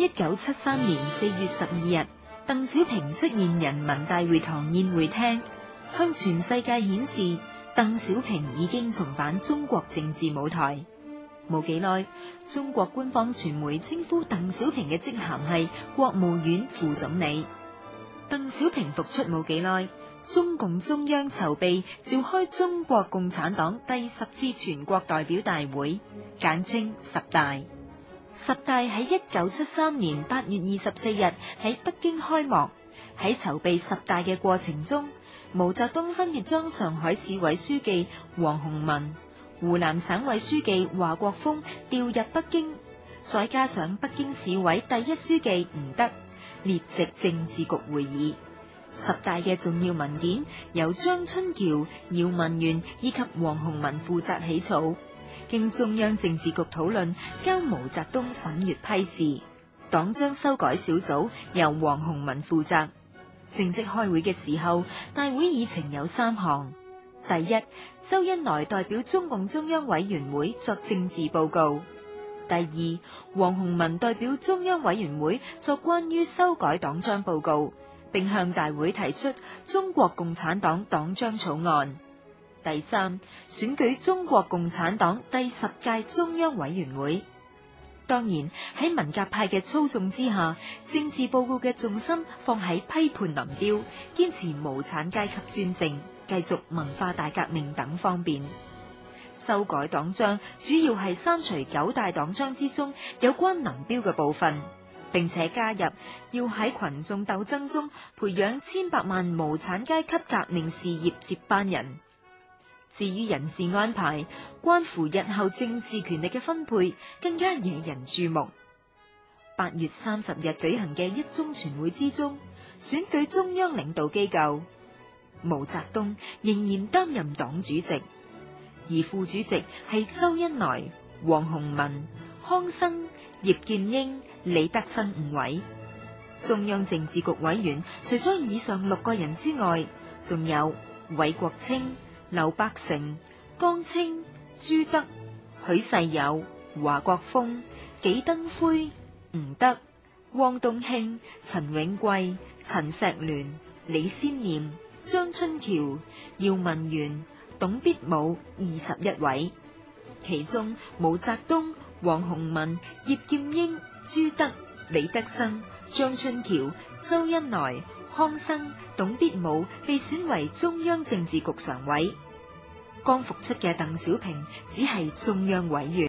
一九七三年四月十二日，鄧小平出現人民大會堂宴會廳，向全世界顯示鄧小平已經重返中國政治舞台。冇幾耐，中國官方傳媒稱呼鄧小平嘅職銜係國務院副總理。鄧小平復出冇幾耐，中共中央籌備召開中國共產黨第十次全國代表大會，簡稱十大。十大喺一九七三年八月二十四日喺北京開幕。喺籌備十大嘅過程中，毛澤東分別將上海市委書記王洪文、湖南省委書記華國鋒調入北京，再加上北京市委第一書記吳德列席政治局會議。十大嘅重要文件由張春橋、姚文元以及王洪文負責起草。經中央政治局討論，交毛澤東審閱批示，黨章修改小組由王洪文負責。正式開會嘅時候，大會議程有三項：第一，周恩來代表中共中央委員會作政治報告；第二，王洪文代表中央委員會作關於修改黨章報告，並向大會提出中國共產黨黨章草案。第三，選舉中國共產黨第十屆中央委員會。當然，喺文革派嘅操縱之下，政治報告嘅重心放喺批判林彪、堅持無產階級專政、繼續文化大革命等方面。修改黨章主要係刪除九大黨章之中有關林彪嘅部分，並且加入要喺群眾鬥爭中培養千百萬無產階級革命事業接班人。至於人事安排，關乎日後政治權力嘅分配，更加惹人注目。八月三十日舉行嘅一中全會之中，選舉中央領導機構，毛澤東仍然擔任黨主席，而副主席係周恩來、王洪文、康生、葉劍英、李德生五位。中央政治局委員除咗以上六個人之外，仲有韋國清。劉伯承、江青、朱德、許世友、華國鋒、紀登輝、吳德、汪東興、陳永貴、陳錫聯、李先念、張春橋、姚文元、董必武二十一位，其中毛澤東、王洪文、葉劍英、朱德、李德生、張春橋、周恩來、康生、董必武被選為中央政治局常委，剛復出嘅鄧小平只係中央委員。